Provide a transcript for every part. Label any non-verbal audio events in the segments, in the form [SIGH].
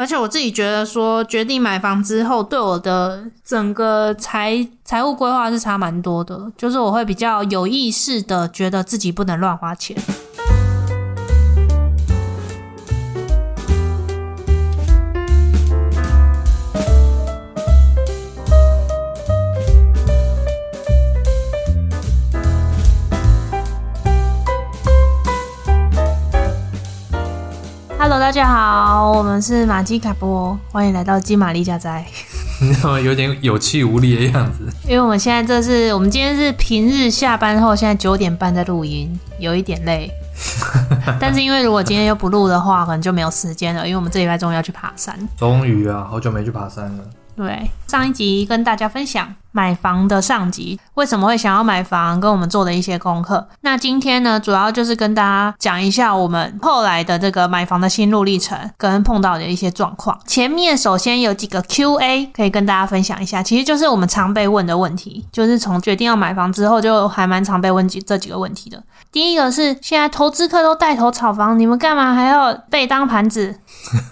而且我自己覺得說，決定買房之後，對我的整個財，財務規劃是差蠻多的。就是我會比較有意識的，覺得自己不能亂花錢。Hello，大家好，我們是馬雞卡波，歡迎來到基瑪麗家宅。你怎麼有點有氣無力的樣子？因為我們現在這是，我們今天是平日下班後，現在九點半在錄音，有一點累。 [LAUGHS] 但是因為如果今天又不錄的話， [LAUGHS] 可能就沒有時間了，因為我們這禮拜終於要去爬山。終於啊，好久沒去爬山了。對，上一集跟大家分享。買房的上集，為什麼會想要買房，跟我們做的一些功課。那今天呢，主要就是跟大家講一下我們後來的這個買房的心路歷程，跟碰到的一些狀況。前面首先有幾個 Q&A 可以跟大家分享一下，其實就是我們常被問的問題，就是從決定要買房之後，就還蠻常被問及這幾個問題的。第一個是現在投資客都帶頭炒房，你們幹嘛還要被當盤子？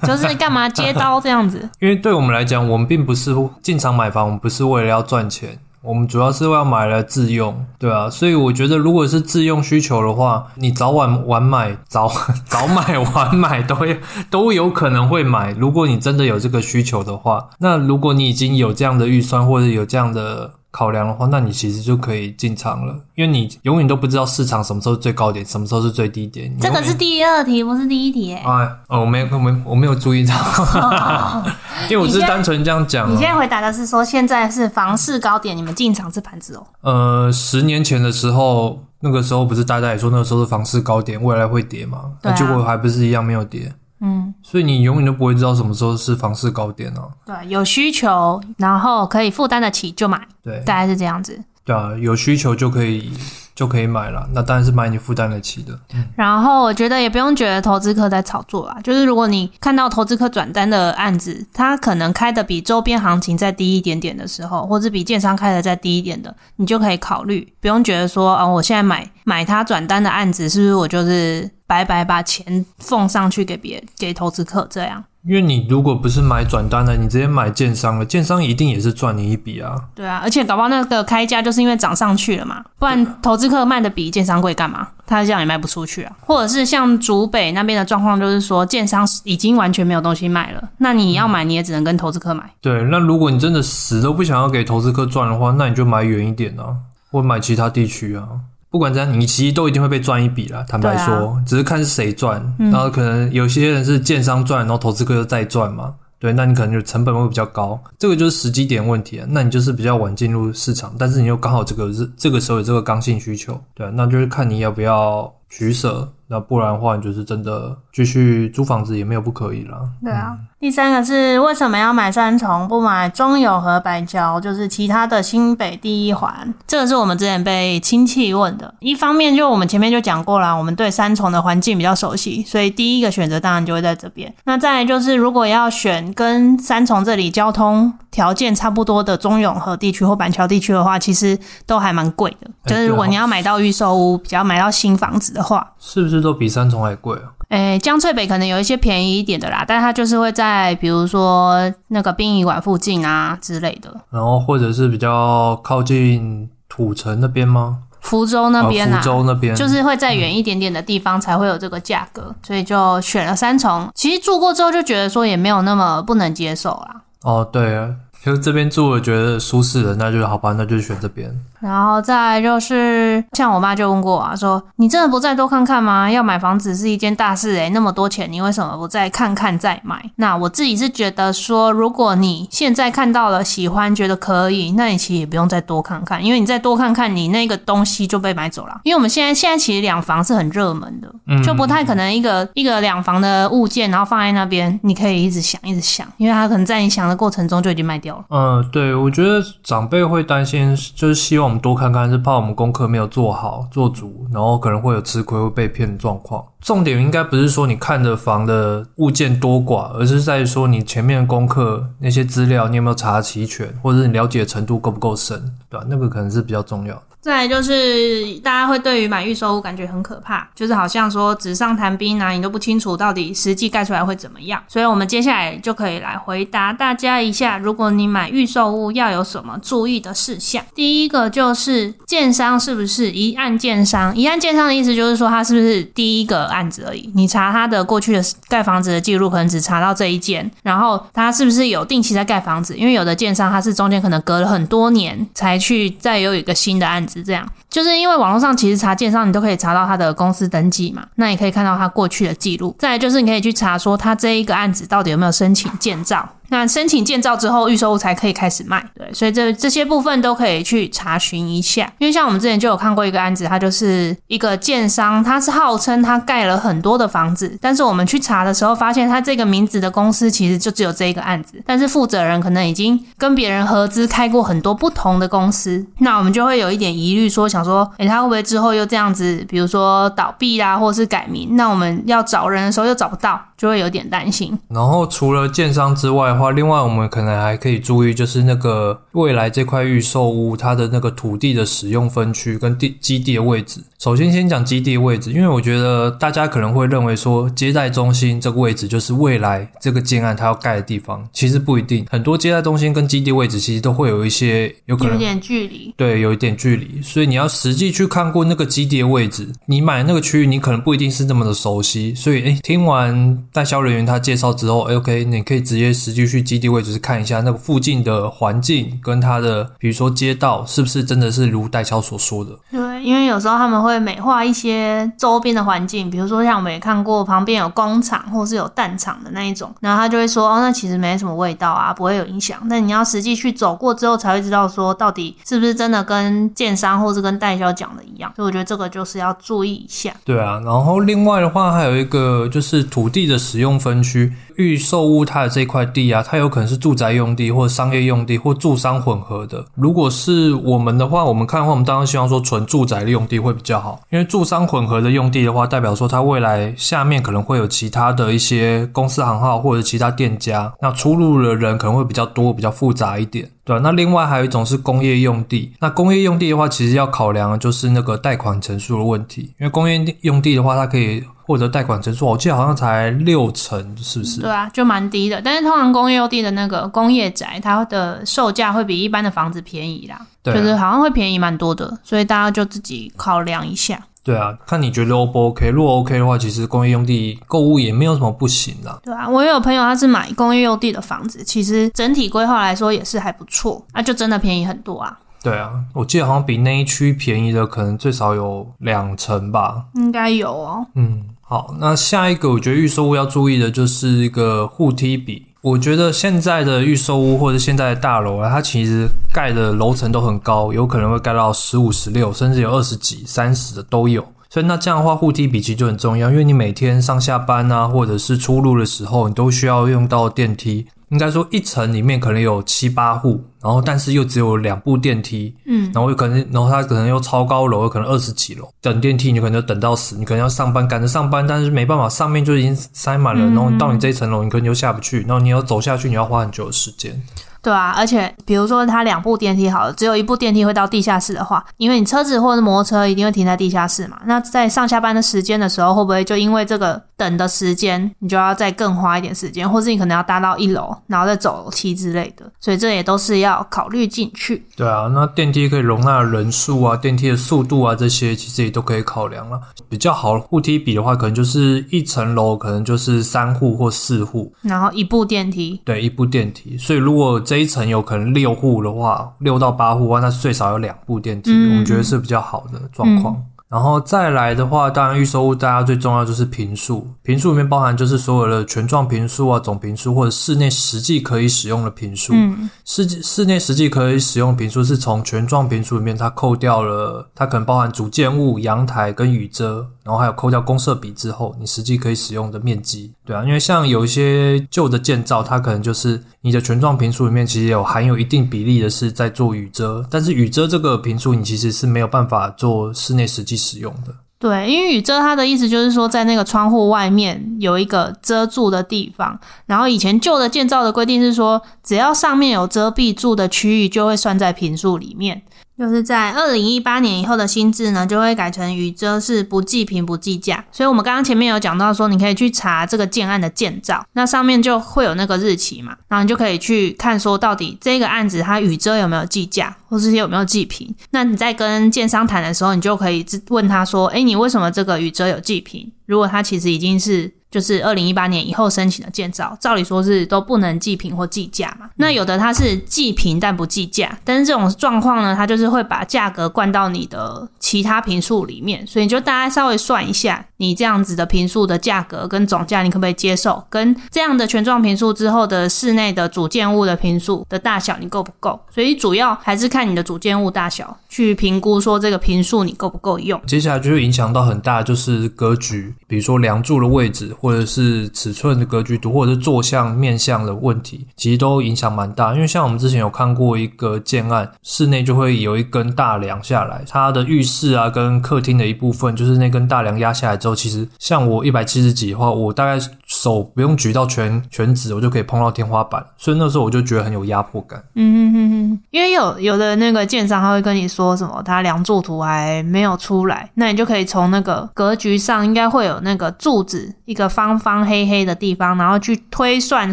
就是幹嘛接刀這樣子？ [LAUGHS] 因為對我們來講，我們並不是進場買房，我們不是為了要賺錢，我們主要是要買來自用，對啊，所以我覺得如果是自用需求的話，你早晚晚買，早早買晚買都有都有可能會買。如果你真的有這個需求的話，那如果你已經有這樣的預算或者有這樣的考量的話，那你其實就可以進場了，因為你永遠都不知道市場什麼時候最高點，什麼時候是最低點。這個是第二題，不是第一題。哎，哦，我沒，我沒，我沒有注意到，哦、 [LAUGHS] 因為我是單純這樣講、哦。你現在回答的是說現在是房市高點，你們進場吃盤子哦。呃，十年前的時候，那個時候不是大家也說那個時候是房市高點，未來會跌嗎？啊、那結果還不是一樣沒有跌。嗯，所以你永遠都不會知道什麼時候是房市高點哦啊。對，有需求，然後可以負擔得起就買，對，大概是這樣子。對啊，有需求就可以。就可以買了，那當然是買你負擔得起的。嗯、然後我覺得也不用覺得投資客在炒作啦，就是如果你看到投資客轉單的案子，他可能開的比週邊行情再低一點點的時候，或者比建商開的再低一點的，你就可以考慮，不用覺得說啊、哦，我現在買買他轉單的案子，是不是我就是白白把錢奉上去給別給投資客這樣。因為你如果不是買轉單的，你直接買建商了，建商一定也是賺你一筆啊。對啊，而且搞不好那個開價就是因為漲上去了嘛，不然投資客賣的比建商貴幹嘛？他這樣也賣不出去啊。或者是像竹北那邊的狀況，就是說建商已經完全沒有東西賣了，那你要買你也只能跟投資客買。嗯，對，那如果你真的死都不想要給投資客賺的話，那你就買遠一點啊，或買其他地區啊。不管怎樣，你其實都一定會被賺一筆啦。坦白說，啊、只是看是誰賺，嗯、然後可能有些人是建商賺，然後投資客又再賺嘛。對，那你可能就成本會比較高。這個就是時機點問題，那你就是比較晚進入市場，但是你又剛好這個這個時候有這個剛性需求，對，那就是看你要不要取捨，那不然的話，你就是真的繼續租房子也沒有不可以啦。對啊，嗯。第三個是為什麼要買三重不買中永和板橋？就是其他的新北第一環，這個是我們之前被親戚問的。一方面就我們前面就講過啦，我們對三重的環境比較熟悉，所以第一個選擇當然就會在這邊。那再來就是，如果要選跟三重這裡交通條件差不多的中永和地區或板橋地區的話，其實都還蠻貴的。就是如果你要買到預售屋，比較買到新房子的的話，是不是都比三重還貴啊？欸，江翠北可能有一些便宜一點的啦，但它就是會在比如說那個殯儀館附近啊之類的，然後或者是比較靠近土城那邊嗎？呃，福州那邊啊，福州那邊就是會在遠一點點的地方才會有這個價格，嗯，所以就選了三重。其實住過之後就覺得說也沒有那麼不能接受啦。哦，對啊。就是這邊住了覺得舒適的，那就好吧，那就選這邊。然後再來就是，像我媽就問過我，啊，說：“你真的不再多看看嗎？要買房子是一件大事哎，欸，那麼多錢，你為什麼不再看看再買？”那我自己是覺得說，如果你現在看到了喜歡，覺得可以，那你其實也不用再多看看，因為你再多看看，你那個東西就被買走了。因為我們現在現在其實兩房是很熱門的，就不太可能一個，嗯，一個兩房的物件，然後放在那邊，你可以一直想一直想，因為它可能在你想的過程中就已經賣掉。嗯，對，我覺得長輩會擔心，就是希望我們多看看，是怕我們功課沒有做好做足，然後可能會有吃虧會被騙的狀況。重點應該不是說你看着房的物件多寡，而是在於說你前面的功課那些資料你有沒有查齊全，或者是你了解程度夠不夠深，對吧？那個可能是比較重要的。再來就是大家會對於買預售屋感覺很可怕，就是好像說紙上談兵啊，你都不清楚到底實際蓋出來會怎麼樣。所以我們接下來就可以來回答大家一下，如果你買預售屋要有什麼注意的事項？第一個就是建商是不是一案建商？一案建商的意思就是說他是不是第一個。案子而已，你查他的過去的蓋房子的記錄，可能只查到這一件，然後他是不是有定期在蓋房子？因為有的建商他是中間可能隔了很多年才去再有一個新的案子，這樣就是，因為網絡上其實查建商你都可以查到他的公司登記嘛，那你可以看到他過去的記錄。再來就是你可以去查說他這一個案子到底有沒有申請建造，那申請建造之後，預售屋才可以開始賣，對，所以這這些部分都可以去查詢一下。因為像我們之前就有看過一個案子，它就是一個建商，他是號稱他蓋了很多的房子，但是我們去查的時候，發現他這個名字的公司其實就只有這一個案子，但是負責人可能已經跟別人合資開過很多不同的公司，那我們就會有一點疑慮，說想說，誒、欸，他會不會之後又這樣子，比如說倒閉啦、啊，或是改名，那我們要找人的時候又找不到，就會有點擔心。然後除了建商之外，話，另外我們可能還可以注意，就是那個。未來這塊預售屋，它的那個土地的使用分區跟地基地的位置，首先先講基地的位置，因為我覺得大家可能會認為說，接待中心這個位置就是未來這個建案它要蓋的地方，其實不一定。很多接待中心跟基地位置其實都會有一些，有可能有點距離，對，有一點距離，所以你要實際去看過那個基地的位置，你買那個區域，你可能不一定是那麼的熟悉。所以，誒，聽完代銷人員他介紹之後，OK，你可以直接實際去基地位置看一下那個附近的環境。跟他的，比如說街道，是不是真的是如代銷所說的？因為有時候他們會美化一些周邊的環境，比如說像我們也看過旁邊有工廠或是有蛋廠的那一種，然後他就會說哦，那其實沒什麼味道啊，不會有影響。那你要實際去走過之後才會知道說到底是不是真的跟建商或是跟代銷講的一樣。所以我覺得這個就是要注意一下。對啊，然後另外的話還有一個就是土地的使用分區，預售屋它的這塊地啊，它有可能是住宅用地或商業用地或住商混合的。如果是我們的話，我們看的話，我們當然希望說純住宅用地會比較好，因為住商混合的用地的話，代表說它未來下面可能會有其他的一些公司行號或者其他店家，那出入的人可能會比較多，比較複雜一點。對啊，那另外還有一種是工業用地，那工業用地的話，其實要考量的就是那個貸款成數的問題，因為工業用地的話，它可以。或者貸款成數，我記得好像才六成，是不是？嗯、對啊，就蠻低的。但是通常工業用地的那個工業宅，它的售價會比一般的房子便宜啦，對啊、就是好像會便宜蠻多的。所以大家就自己考量一下。對啊，看你覺得 O 不 OK？如果 OK 的話，其實工業用地購物也沒有什麼不行的。對啊，我也有朋友他是買工業用地的房子，其實整體規劃來說也是還不錯，那、啊、就真的便宜很多啊。對啊，我記得好像比那一區便宜的可能最少有兩成吧，應該有哦。嗯。好，那下一個我覺得預售屋要注意的就是一個戶梯比。我覺得現在的預售屋或者現在的大樓啊，它其實蓋的樓層都很高，有可能會蓋到十五、十六，甚至有二十幾、三十的都有。所以那這樣的話，戶梯比就很重要，因為你每天上下班啊，或者是出入的時候，你都需要用到電梯。應該說一層裡面可能有七八戶，然後但是又只有兩部電梯，嗯，然後有可能，然後它可能又超高樓，有可能二十幾樓，等電梯你可能要等到死，你可能要上班趕着上班，但是沒辦法，上面就已經塞滿了，然後到你這一層樓，你可能又下不去，然後你要走下去，你要花很久的時間。對啊，而且比如說它兩部電梯好了，只有一部電梯會到地下室的話，因為你車子或者摩托車一定會停在地下室嘛。那在上下班的時間的時候，會不會就因為這個等的時間，你就要再更花一點時間，或是你可能要搭到一樓，然後再走樓梯之類的。所以這也都是要考慮進去。對啊，那電梯可以容納人數啊，電梯的速度啊，這些其實也都可以考量了啊。比較好的戶梯比的話，可能就是一層樓，可能就是三戶或四戶，然後一部電梯。對，一部電梯。所以如果這一層有可能六戶的話，六到八戶的話，那是最少有兩部電梯，嗯、我們覺得是比較好的狀況。嗯、然後再來的話，當然預售屋大家最重要就是坪數，坪數裡面包含就是所有的全幢坪數啊、總坪數或者室內實際可以使用的坪數。嗯、室室內實際可以使用坪數是從全幢坪數裡面它扣掉了，它可能包含主建物、陽台跟雨遮。然後還有扣掉公設比之後，你實際可以使用的面積，對啊，因為像有一些舊的建造，它可能就是你的權狀坪數裡面其實有含有一定比例的是在做雨遮，但是雨遮這個坪數你其實是沒有辦法做室內實際使用的。對，因為雨遮它的意思就是說，在那個窗戶外面有一個遮住的地方，然後以前舊的建造的規定是說，只要上面有遮蔽住的區域，就會算在坪數裡面。就是在二零一八年以後的新制呢，就會改成雨遮是不計坪不計價。所以，我們剛剛前面有講到說，你可以去查這個建案的建造，那上面就會有那個日期嘛，然後你就可以去看說，到底這個案子它雨遮有沒有計價。或這些有沒有計坪？那你在跟建商談的時候，你就可以問他說：“哎，你為什麼這個雨遮有計坪？”如果他其實已經是就是二零一八年以後申請的建造，照理說是都不能計坪或計價嘛。那有的他是計坪但不計價，但是這種狀況呢，他就是會把價格灌到你的其他坪數裡面，所以你就大概稍微算一下，你這樣子的坪數的價格跟總價，你可不可以接受？跟這樣的權狀坪數之後的室內的主建物的坪數的大小，你夠不夠？所以主要還是看。看你的主建物大小，去評估說這個坪數你夠不夠用。接下來就會影響到很大，就是格局，比如說梁柱的位置，或者是尺寸的格局度，或者是坐向、面向的問題，其實都影響蠻大。因為像我們之前有看過一個建案，室內就會有一根大梁下來，它的浴室啊跟客廳的一部分，就是那根大梁壓下來之後，其實像我一百七十幾的話，我大概是。手不用舉到全全直，我就可以碰到天花板，所以那時候我就覺得很有壓迫感。嗯嗯嗯嗯，因為有有的那個建商他會跟你說什麼，他梁柱圖還沒有出來，那你就可以從那個格局上應該會有那個柱子一個方方黑黑的地方，然後去推算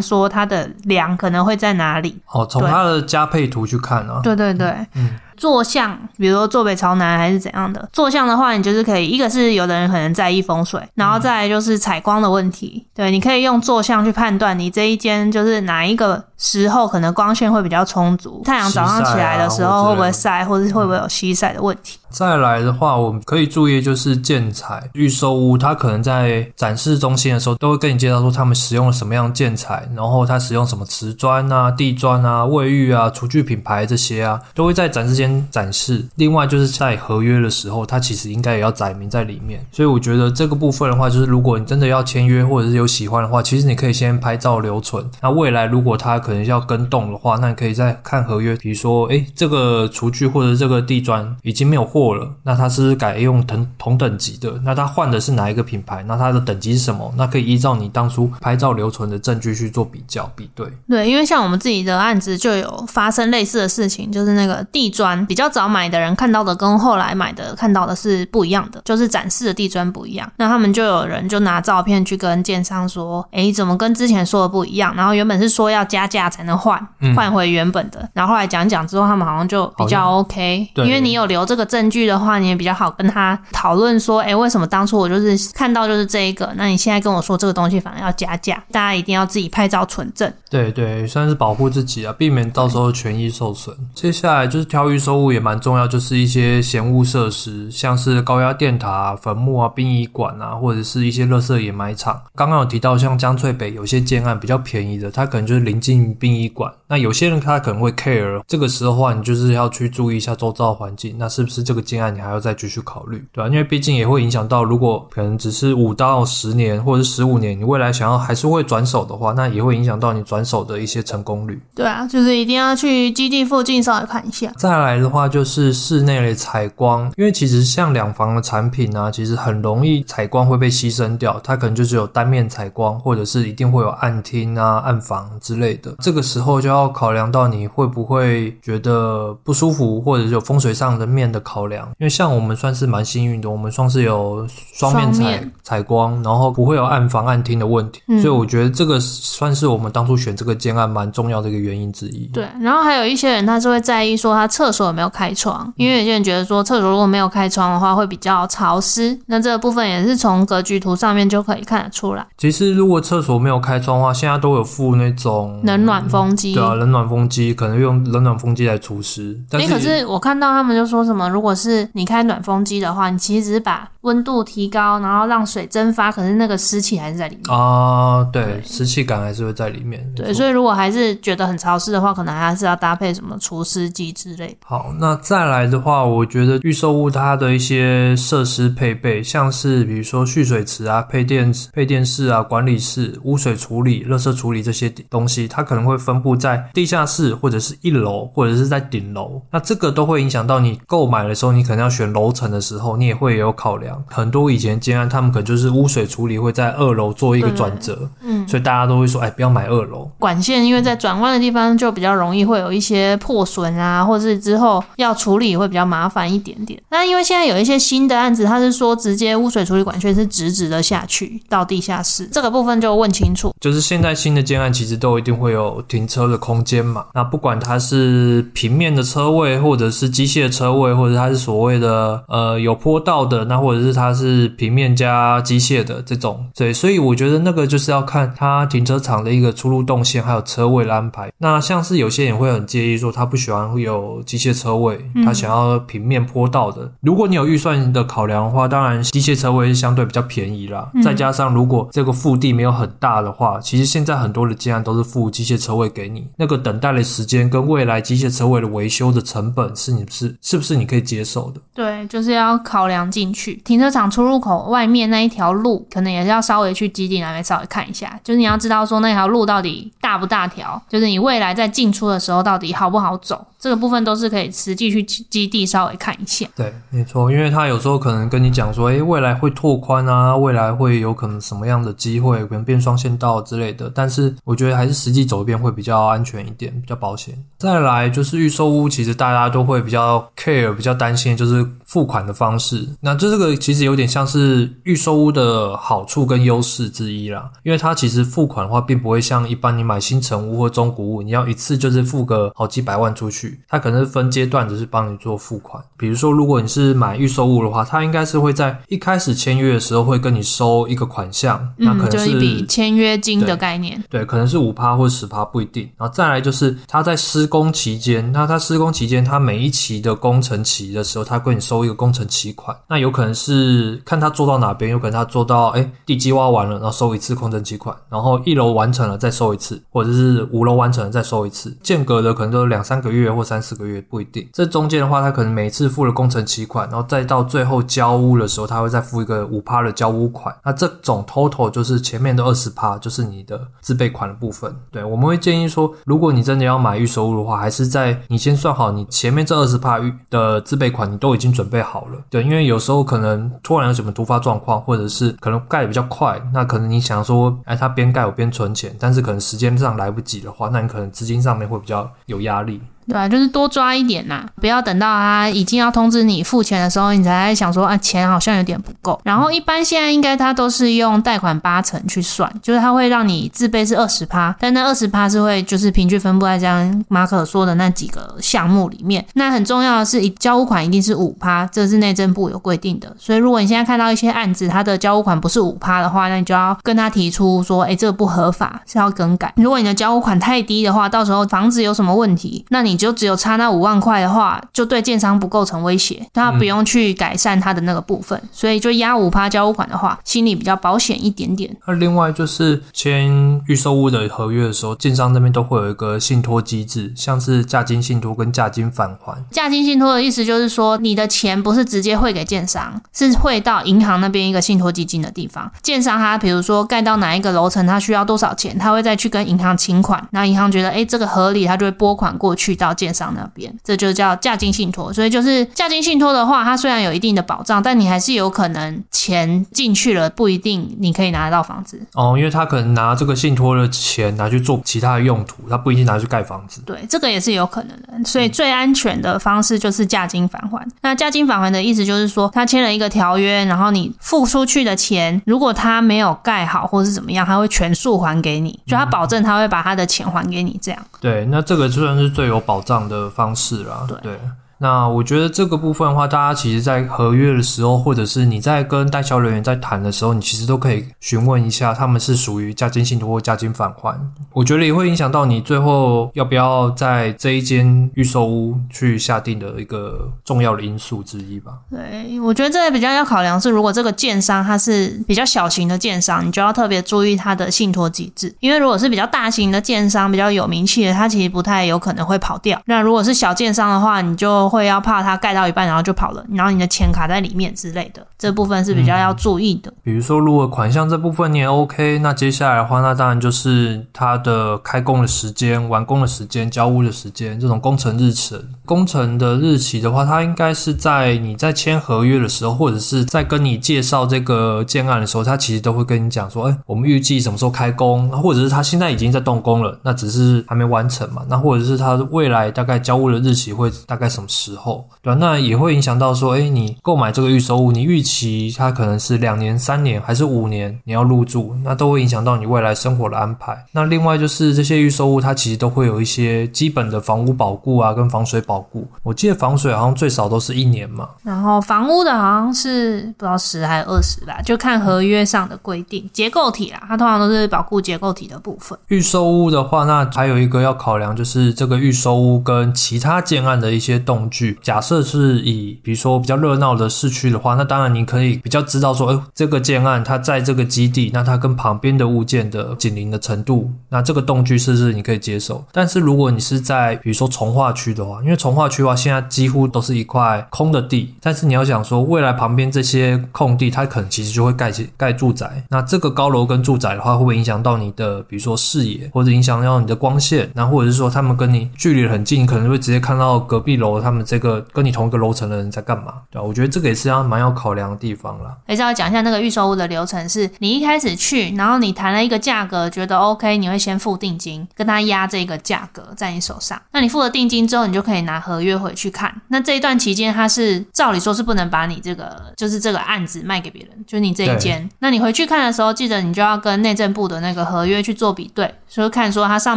說它的梁可能會在哪裡。哦，從它的家配圖去看啊。對，對對對，嗯。嗯坐向，比如說坐北朝南還是怎樣的坐向的話，你就是可以，一個是有的人可能在意風水，然後再來就是採光的問題。對，你可以用坐向去判斷你這一間就是哪一個時候可能光線會比較充足，太陽早上起來的時候會不會曬，西曬啊，或者會不會有西晒的問題？嗯、再來的話，我們可以注意的就是建材，預售屋它可能在展示中心的時候，都會跟你介紹說他們使用了什麼樣建材，然後它使用什麼瓷磚啊、地磚啊、衛浴啊、廚具品牌這些啊，都會在展示間展示。另外就是在合約的時候，它其實應該也要載明在裡面。所以我覺得這個部分的話，就是如果你真的要簽約，或者是有喜歡的話，其實你可以先拍照留存。那未來如果它可能要更動的話，那你可以再看合約，比如說，哎、欸，這個廚具或者這個地磚已經沒有貨了，那他是改用同同等級的，那他換的是哪一個品牌？那它的等級是什麼？那可以依照你當初拍照留存的證據去做比較比對。對，因為像我們自己的案子就有發生類似的事情，就是那個地磚比較早買的人看到的跟後來買的看到的是不一樣的，就是展示的地磚不一樣。那他們就有人就拿照片去跟建商說，哎、欸，怎麼跟之前說的不一樣？然後原本是說要加價。價才能換換回原本的。嗯、然後，後來講講之後，他們好像就比較 OK。對，因為你有留這個證據的話，你也比較好跟他討論說，哎，為什麼當初我就是看到就是這一個？那你現在跟我說這個東西反而要加價？大家一定要自己拍照存證。對對，算是保護自己啊，避免到時候權益受損。嗯、接下來就是挑預售屋也蠻重要，就是一些嫌惡設施，像是高壓電塔、啊、墳墓啊、殯儀館啊，或者是一些垃圾掩埋場。剛剛有提到，像江翠北有些建案比較便宜的，它可能就是臨近殯儀館，那有些人他可能會 care，這個時候的話，你就是要去注意一下周遭環境，那是不是這個建案，你還要再繼續考慮，對吧、啊？因為畢竟也會影響到，如果可能只是五到十年或者是十五年，你未來想要還是會轉手的話，那也會影響到你轉手的一些成功率。對啊，就是一定要去基地附近稍微看一下。再來的話就是室內的採光，因為其實像兩房的產品呢、啊，其實很容易採光會被犧牲掉，它可能就是有單面採光，或者是一定會有暗廳啊、暗房之類的。這個時候就要考量到你會不會覺得不舒服，或者是有風水上的面的考量。因為像我們算是蠻幸運的，我們算是有雙面採雙面採光，然後不會有暗房暗廳的問題，嗯、所以我覺得這個算是我們當初選這個建案蠻重要的一個原因之一。對，然後還有一些人他是會在意說他廁所有沒有開窗，因為有些人覺得說廁所如果沒有開窗的話會比較潮濕，那這個部分也是從格局圖上面就可以看得出來。其實如果廁所沒有開窗的話，現在都有附那種能。暖風機對啊，冷暖風機可能用冷暖風機來除濕。哎，可是我看到他們就說什麼，如果是你開暖風機的話，你其實只是把溫度提高，然後讓水蒸發，可是那個濕氣還是在裡面哦，對，對濕氣感還是會在裡面。對，所以如果還是覺得很潮濕的話，可能還是要搭配什麼除濕機之類。好，那再來的話，我覺得預售屋它的一些設施配備，像是比如說蓄水池啊、配電配電室啊、管理室、污水處理、垃圾處理這些東西，它可能可能會分布在地下室，或者是一樓，或者是在頂樓。那這個都會影響到你購買的時候，你可能要選樓層的時候，你也會有考量。很多以前建案，他們可能就是污水處理會在二樓做一個轉折，嗯，所以大家都會說，哎，不要買二樓管線，因為在轉彎的地方就比較容易會有一些破損啊，或是之後要處理會比較麻煩一點點。那因為現在有一些新的案子，它是說直接污水處理管線是直直的下去到地下室，這個部分就問清楚。就是現在新的建案其實都一定會有。有停車的空間嘛？那不管它是平面的車位，或者是機械車位，或者它是所謂的呃有坡道的，那或者是它是平面加機械的這種，對，所以我覺得那個就是要看它停車場的一個出入動線，還有車位的安排。那像是有些人會很介意說他不喜歡會有機械車位，他想要平面坡道的。嗯、如果你有預算的考量的話，當然機械車位是相對比較便宜啦。嗯、再加上如果這個腹地沒有很大的話，其實現在很多的建案都是腹地。一些車位給你，那個等待的時間跟未來機械車位的維修的成本，是你是是不是你可以接受的？對，就是要考量進去。停車場出入口外面那一條路，可能也是要稍微去基地那邊稍微看一下，就是你要知道說那條路到底大不大條，就是你未來在進出的時候到底好不好走。這個部分都是可以實際去基地稍微看一下。對，沒錯，因為他有時候可能跟你講說，哎，未來會拓寬啊，未來會有可能什麼樣的機會，可能變雙線道之類的。但是我覺得還是實際走一遍會比較安全一點，比較保險。再來就是預售屋，其實大家都會比較 care、比較擔心的就是付款的方式。那這這個其實有點像是預售屋的好處跟優勢之一啦，因為它其實付款的話，並不會像一般你買新成屋或中古屋，你要一次就是付個好幾百萬出去。它可能是分階段只是幫你做付款，比如說，如果你是買預售屋的話，它應該是會在一開始簽約的時候會跟你收一個款項，嗯、那可能是就是一筆簽約金的概念，對，對，可能是五趴或者十趴，不一定。然後再來就是他在施工期間，那他施工期間他每一期的工程期的時候，他跟你收一個工程期款，那有可能是看他做到哪邊，有可能他做到哎，地基挖完了，然後收一次工程期款，然後一樓完成了再收一次，或者是五樓完成了再收一次，間隔的可能都是兩三個月。或三四個月不一定，這中間的話，他可能每次付了工程期款，然後再到最後交屋的時候，他會再付一個五趴的交屋款。那這種 total 就是前面的二十趴，就是你的自備款的部分。對，我們會建議說，如果你真的要買預售屋的話，還是在你先算好，你前面這二十趴的自備款你都已經準備好了。對，因為有時候可能突然有什麼突發狀況，或者是可能蓋得比較快，那可能你想說，哎，他邊蓋我邊存錢，但是可能時間上來不及的話，那你可能資金上面會比較有壓力。對啊，就是多抓一點吶、啊，不要等到他已經要通知你付錢的時候，你才在想說啊錢好像有點不夠。然後一般現在應該他都是用貸款八成去算，就是他會讓你自備是二十趴，但那二十趴是會就是平均分布在這樣馬可說的那幾個項目裡面。那很重要的是一交屋款一定是五趴，這是內政部有規定的。所以如果你現在看到一些案子，他的交屋款不是五趴的話，那你就要跟他提出說，哎，這個不合法，是要更改。如果你的交屋款太低的話，到時候房子有什麼問題，那你。你就只有差那五萬塊的話，就對建商不構成威脅，他不用去改善他的那個部分，嗯、所以就押五趴交屋款的話，心裡比較保險一點點。那另外就是簽預售屋的合約的時候，建商那邊都會有一個信托機制，像是價金信托跟價金返還。價金信托的意思就是說，你的錢不是直接匯給建商，是匯到銀行那邊一個信托基金的地方。建商他比如說蓋到哪一個樓層，他需要多少錢，他會再去跟銀行請款，那銀行覺得哎，這個合理，他就會撥款過去到建商那邊，這就叫價金信托。所以就是價金信托的話，它雖然有一定的保障，但你還是有可能錢進去了，不一定你可以拿得到房子。哦，因為他可能拿這個信托的錢拿去做其他的用途，他不一定拿去蓋房子。對，這個也是有可能的。所以最安全的方式就是價金返還。嗯、那價金返還的意思就是說，他簽了一個條約，然後你付出去的錢，如果他沒有蓋好或是怎麼樣，他會全數還給你，就他保證他會把他的錢還給你，這樣。嗯對，那這個就算是最有保障的方式啦。對。對那我覺得這個部分的話，大家其實，在合約的時候，或者是你在跟代銷人員在談的時候，你其實都可以詢問一下，他們是屬於價金信託或價金返還。我覺得也會影響到你最後要不要在這一間預售屋去下定的一個重要的因素之一吧。對，我覺得這個比較要考量是，如果這個建商它是比較小型的建商，你就要特別注意它的信託機制，因為如果是比較大型的建商，比較有名氣的，它其實不太有可能會跑掉。那如果是小建商的話，你就。會要怕它蓋到一半，然後就跑了，然後你的錢卡在裡面之類的。這部分是比較要注意的。嗯，比如說，如果款項這部分你也 OK，那接下來的話，那當然就是它的開工的時間、完工的時間、交屋的時間，這種工程日程、工程的日期的話，它應該是在你在簽合約的時候，或者是在跟你介紹這個建案的時候，他其實都會跟你講說，哎，我們預計什麼時候開工，或者是他現在已經在動工了，那只是還沒完成嘛，那或者是他未來大概交屋的日期會大概什麼時候？對啊，那也會影響到說，哎，你購買這個預售屋，你預計期它可能是兩年、三年還是五年，你要入住，那都會影響到你未來生活的安排。那另外就是這些預售屋，它其實都會有一些基本的房屋保固啊，跟防水保固。我記得防水好像最少都是一年嘛。然後房屋的好像是不知道十還是二十吧，就看合約上的規定。結構體啦，它通常都是保固結構體的部分。預售屋的話，那還有一個要考量，就是這個預售屋跟其他建案的一些棟距。假設是以比如說比較熱鬧的市區的話，那當然你。你可以比較知道說，哎、欸，這個建案它在這個基地，那它跟旁邊的物件的緊鄰的程度，那這個棟距是不是你可以接受？但是如果你是在比如說重劃區的話，因為重劃區的話，現在幾乎都是一塊空的地，但是你要想說未來旁邊這些空地，它可能其實就會蓋起蓋住宅，那這個高樓跟住宅的話，會不會影響到你的比如說視野，或者影響到你的光線，那或者是說他們跟你距離很近，可能會直接看到隔壁樓他們這個跟你同一個樓層的人在幹嘛，對吧？我覺得這個也是要、啊、蠻要考量地方了，還、欸、是要講一下那個預售屋的流程是。是你一開始去，然後你談了一個價格，覺得 OK，你會先付定金，跟他押這個價格在你手上。那你付了定金之後，你就可以拿合約回去看。那這一段期間，他是照理說是不能把你這個就是這個案子賣給別人，就你這一間。對那你回去看的時候，記得你就要跟內政部的那個合約去做比對。說看說它上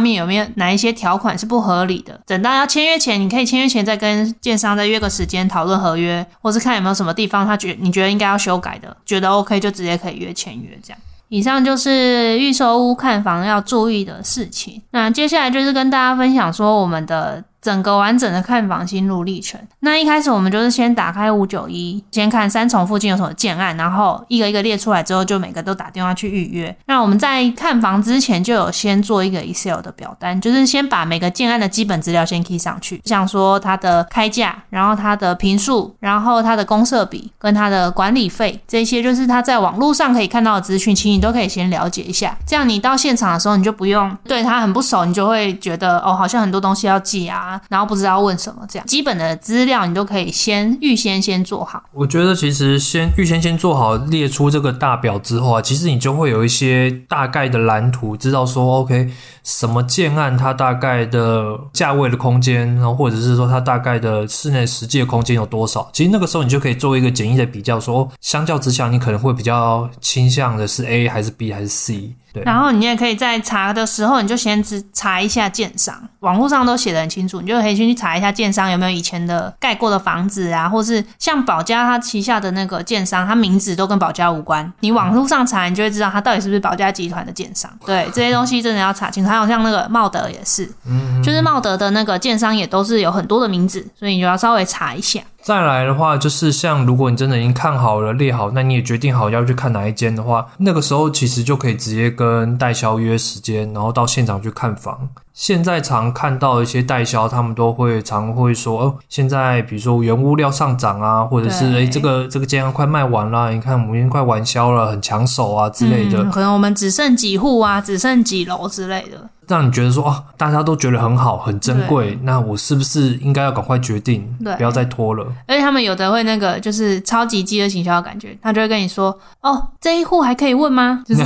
面有沒有哪一些條款是不合理的。等到要簽約前，你可以簽約前再跟建商再約個時間討論合約，或是看有沒有什麼地方他覺得你覺得應該要修改的，覺得 OK 就直接可以約簽約。這樣，以上就是預售屋看房要注意的事情。那接下來就是跟大家分享說我們的。整個完整的看房心路歷程。那一開始我們就是先打開五九一，先看三重附近有什麼建案，然後一個一個列出來之後，就每個都打電話去預約。那我們在看房之前就有先做一個 Excel 的表單，就是先把每個建案的基本資料先 key 上去，像說它的開價，然後它的坪數，然後它的公設比跟它的管理費，這些就是他在網絡上可以看到的資訊，其實你都可以先了解一下。這樣你到現場的時候，你就不用對他很不熟，你就會覺得哦，好像很多東西要記啊。然後不知道問什麼，這樣基本的資料你都可以先預先先做好。我覺得其實先預先先做好列出這個大表之後，啊，其實你就會有一些大概的藍圖，知道說 OK 什麼建案它大概的價位的空間，然後或者是說它大概的室內實際的空間有多少。其實那個時候你就可以做一個簡易的比較說，說相較之下，你可能會比較傾向的是 A 還是 B 還是 C。對然後你也可以在查的時候，你就先只查一下建商，網絡上都寫的很清楚，你就可以先去查一下建商有沒有以前的蓋過的房子啊，或是像寶佳他旗下的那個建商，他名字都跟寶佳無關。你網絡上查，你就會知道他到底是不是寶佳集團的建商。嗯、對，這些東西真的要查清楚。還有像那個茂德也是，嗯嗯就是茂德的那個建商也都是有很多的名字，所以你就要稍微查一下。再來的話，就是像如果你真的已經看好了、列好，那你也決定好要去看哪一間的話，那個時候其實就可以直接跟代銷約時間，然後到現場去看房。現在常看到一些代銷，他們都會常會說哦，現在比如說原物料上漲啊，或者是哎對、欸，這個這個間要快賣完了，你看我們已經快完銷了，很搶手啊之類的、嗯。可能我們只剩幾戶啊，只剩幾樓之類的，讓你覺得說哦，大家都覺得很好，很珍貴。對那我是不是應該要趕快決定，對不要再拖了？而且他們有的會那個就是超級飢餓行銷的感覺，他就會跟你說哦，這一戶還可以問嗎？就是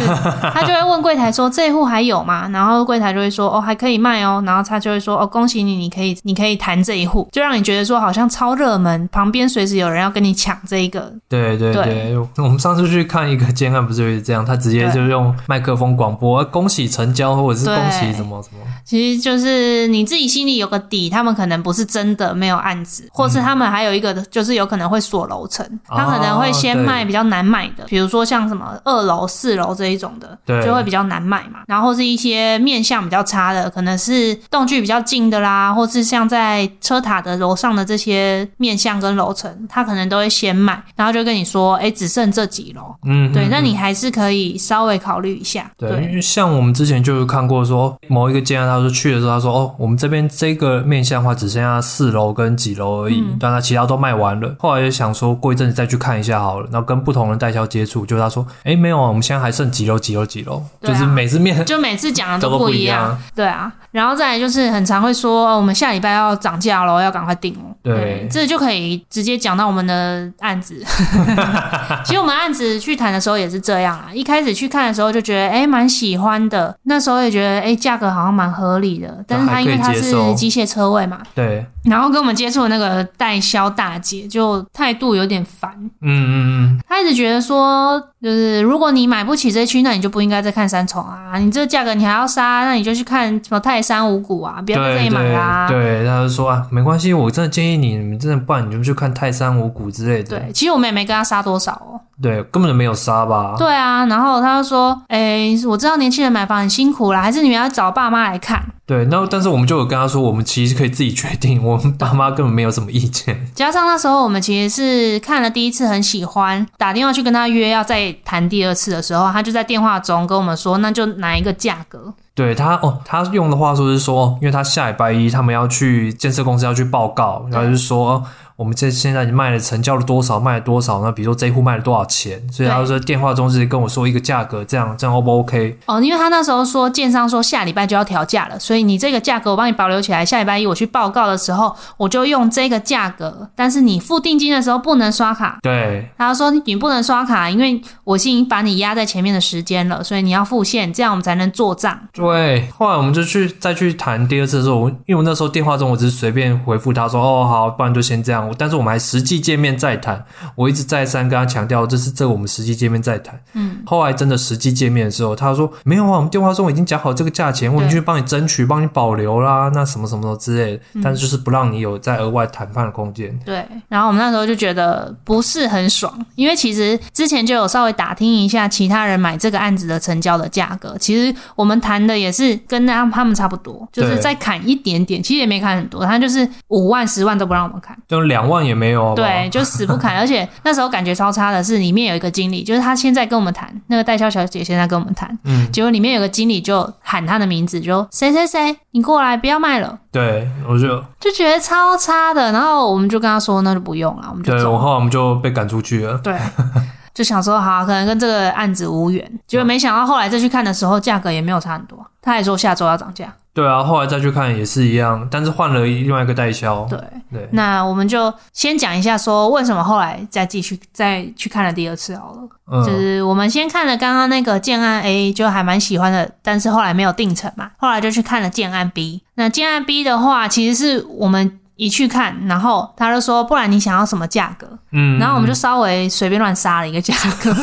他就會問櫃台說 [LAUGHS] 這一戶還有嗎？然後櫃台就會說哦，還可以。賣哦，然後他就會說哦，恭喜你，你可以，你可以談這一戶，就讓你覺得說好像超熱門，旁邊隨時有人要跟你搶這一個。對對對，對我們上次去看一個建案，不就是這樣？他直接就用麥克風廣播，對恭喜成交，或者是恭喜什麼什麼。其實就是你自己心裡有個底，他們可能不是真的沒有案子，或是他們還有一個就是有可能會鎖樓層，嗯、他可能會先賣比較難買的，哦、比如說像什麼二樓、四樓這一種的，對就會比較難買嘛。然後是一些面向比較差的，可能。可能是棟距比較近的啦，或是像在車塔的樓上的這些面向跟樓層，他可能都會先買，然後就跟你說，哎、欸，只剩這幾樓，嗯，對，那、嗯、你還是可以稍微考慮一下，對，對因為像我們之前就是看過說，說某一個建案，他說去的時候，他說，哦，我們這邊這個面向的話，只剩下四樓跟幾樓而已，嗯、但他其他都賣完了。後來就想說，過一陣子再去看一下好了。然後跟不同的代銷接觸，就他說，哎、欸，沒有，啊，我們現在還剩幾樓幾樓幾樓，啊、就是每次面就每次講的，啊、的都不一樣，對啊。然後再來就是很常會說，哦、我們下禮拜要漲價了，要趕快定了。對，對，這就可以直接講到我們的案子。 [LAUGHS] 其實我們案子去談的時候也是這樣啊，一開始去看的時候就覺得，哎，蠻喜歡的。那時候也覺得，哎，價格好像蠻合理的。但是它因為它是機械車位嘛，對。然後跟我們接觸的那個代銷大姐就態度有點煩，嗯嗯嗯，她一直覺得說，就是如果你買不起這區，那你就不應該再看三重啊，你這價格你還要殺，那你就去看什麼泰山五股啊，不要在這裡買啦、啊。對，她就說啊，沒關係，我真的建議你，你真的不然你就去看泰山五股之類的。對，其實我們也沒跟她殺多少哦，對，根本就沒有殺吧。對啊，然後她就說，哎，我知道年輕人買房很辛苦啦，還是你們要找爸媽來看。對，那但是我們就有跟他說，我們其實可以自己決定，我們爸媽根本沒有什麼意見。加上那時候我們其實是看了第一次很喜歡，打電話去跟他約要再談第二次的時候，他就在電話中跟我們說，那就拿一個價格。對他哦，他用的話說是說，因為他下禮拜一他們要去建設公司要去報告，嗯、然後就說。我們這現在已經賣了，成交了多少？賣了多少呢？那比如說這一戶賣了多少錢？所以他就說電話中是跟我說一個價格，這樣這樣 O 不 OK？哦，因為他那時候說建商說下禮拜就要調價了，所以你這個價格我幫你保留起來，下禮拜一我去報告的時候，我就用這個價格。但是你付定金的時候不能刷卡。對，他說你不能刷卡，因為我已經把你壓在前面的時間了，所以你要付現，這樣我們才能做賬。對，後來我們就去再去談第二次的時候，我因為我那時候電話中我只是隨便回復他說哦，好，不然就先這樣。但是我們還實際見面再談，我一直再三跟他強調，這是這個我們實際見面再談。嗯，後來真的實際見面的時候，他說沒有啊，我們電話說我已經講好這個價錢，我已經去幫你爭取、幫你保留啦，那什麼什麼之類的，嗯、但是就是不讓你有再額外談判的空間。對，然後我們那時候就覺得不是很爽，因為其實之前就有稍微打聽一下其他人買這個案子的成交的價格，其實我們談的也是跟那他們差不多，就是再砍一點點，其實也沒砍很多，他就是五萬、十萬都不讓我們砍。就兩萬也沒有好不好，對，就死不砍。 [LAUGHS] 而且那時候感覺超差的是，裡面有一個經理，就是他現在跟我們談，那個代銷小,小姐現在跟我們談，嗯，結果裡面有個經理就喊他的名字，就誰誰誰，你過來不要賣了。對，我就就覺得超差的。然後我們就跟他說，那就不用了，我們就走了。對，我後來我們就被趕出去了。對，就想說好啊，可能跟這個案子無緣。結果沒想到後來再去看的時候，價格也沒有差很多。他還說下周要漲價。對啊，後來再去看也是一樣，但是換了另外一個代銷。對對，對。那我們就先講一下，說為什麼後來再繼續再去看了第二次好了。嗯，就是我們先看了剛剛那個建案 A，就還蠻喜歡的，但是後來沒有定成嘛，後來就去看了建案 B。那建案 B 的話，其實是我們。一去看，然後他就說：“不然你想要什麼價格？”嗯，然後我們就稍微隨便亂殺了一個價格，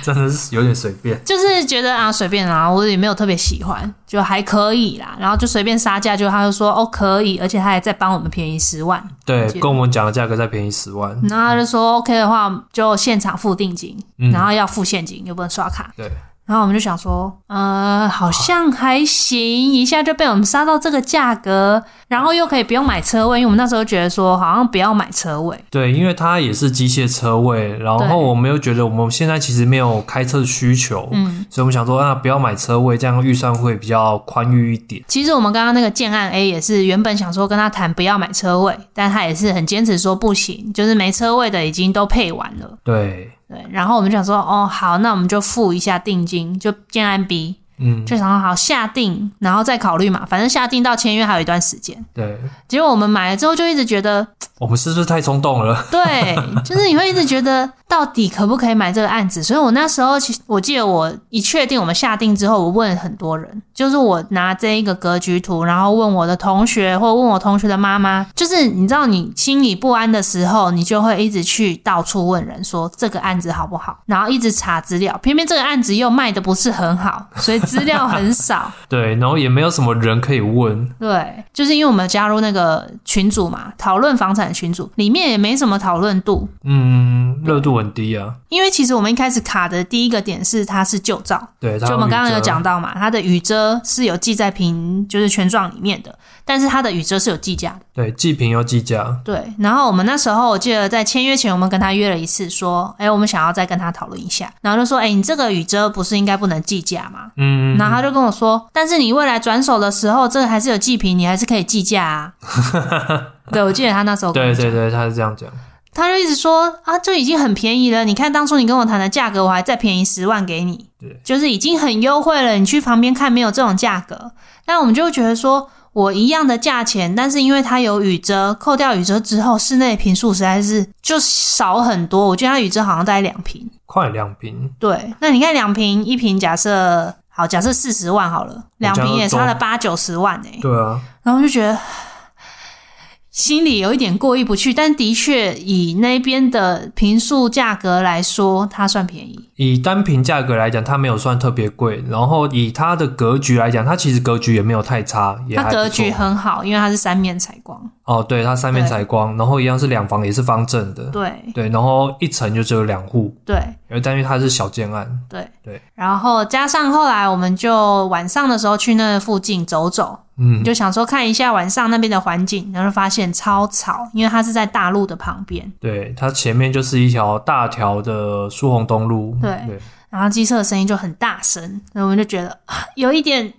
[LAUGHS] 真的是有點隨便。就是覺得啊，隨便啊，我也沒有特別喜歡，就還可以啦。然後就隨便殺價，就他就說：“哦，可以。”而且他還再幫我們便宜十萬，對，跟我們講的價格再便宜十萬。嗯、然後他就說：“OK 的話，就現場付定金，嗯、然後要付現金，又不能刷卡。”對。然後我們就想說，呃，好像還行，一下就被我們殺到這個價格，然後又可以不用買車位，因為我們那時候覺得說，好像不要買車位。對，因為它也是機械車位，然後我們又覺得我們現在其實沒有開車的需求，嗯對，所以我們想說那不要買車位，這樣預算會比較寬裕一點。其實我們剛剛那個建案 A 也是原本想說跟他談不要買車位，但他也是很堅持說不行，就是沒車位的已經都配完了。對。對，然後我們就想說，哦，好，那我們就付一下定金，就建案 B，嗯，就想說好下定，然後再考慮嘛，反正下定到簽約還有一段時間。對，結果我們買了之後，就一直覺得。我們是不是太衝動了？對，就是你會一直覺得到底可不可以買這個案子？所以我那時候，其實我記得我一確定我們下定之後，我問了很多人，就是我拿這一個格局圖，然後問我的同學，或問我同學的媽媽，就是你知道你心裡不安的時候，你就會一直去到處問人說這個案子好不好，然後一直查資料。偏偏這個案子又賣的不是很好，所以資料很少。 [LAUGHS] 對，然後也沒有什麼人可以問。對，就是因為我們加入那個群組嘛，討論房產。群組裡面也沒什麼討論度，嗯，熱對度很低啊。因為其實我們一開始卡的第一個點是它是舊照，對，就我們剛剛有講到嘛，它的雨遮是有記在坪，就是權狀裡面的，但是它的雨遮是有計價，對，計坪又計價，對。然後我們那時候我記得在簽約前，我們跟他約了一次，說，哎、欸，我們想要再跟他討論一下，然後就說，哎、欸，你這個雨遮不是應該不能計價嗎？嗯，嗯，嗯，然後他就跟我說，但是你未來轉手的時候，這個還是有計坪，你還是可以計價啊。 [LAUGHS] 對，我記得他那時候講，對對對，他是這樣講，他就一直說啊，這已經很便宜了。你看當初你跟我談的價格，我還再便宜十萬給你，對，就是已經很優惠了。你去旁邊看沒有這種價格，那我們就會覺得說我一樣的價錢，但是因為它有雨遮，扣掉雨遮之後，室內坪數實在是就少很多。我覺得他雨遮好像大概兩坪，快兩坪，對。那你看兩坪，一坪假設好，假設四十萬好了，兩坪也差了八九十萬哎、欸，對啊。然後就覺得。心裡有一點過意不去，但的確以那邊的坪數價格來說，它算便宜。以單坪價格來講，它沒有算特別貴。然後以它的格局來講，它其實格局也沒有太差，也還不錯。它格局很好，因為它是三面採光。哦，對，它三面採光，對然後一樣是兩房，也是方正的。對對，然後一層就只有兩戶。對，因為單於它是小建案。對對，然後加上後來我們就晚上的時候去那附近走走。嗯，就想說看一下晚上那邊的環境，然後發現超吵，因為它是在大路的旁邊。對，它前面就是一條大條的疏洪東路。對，對，然後機車的聲音就很大聲，然後我們就覺得有一點，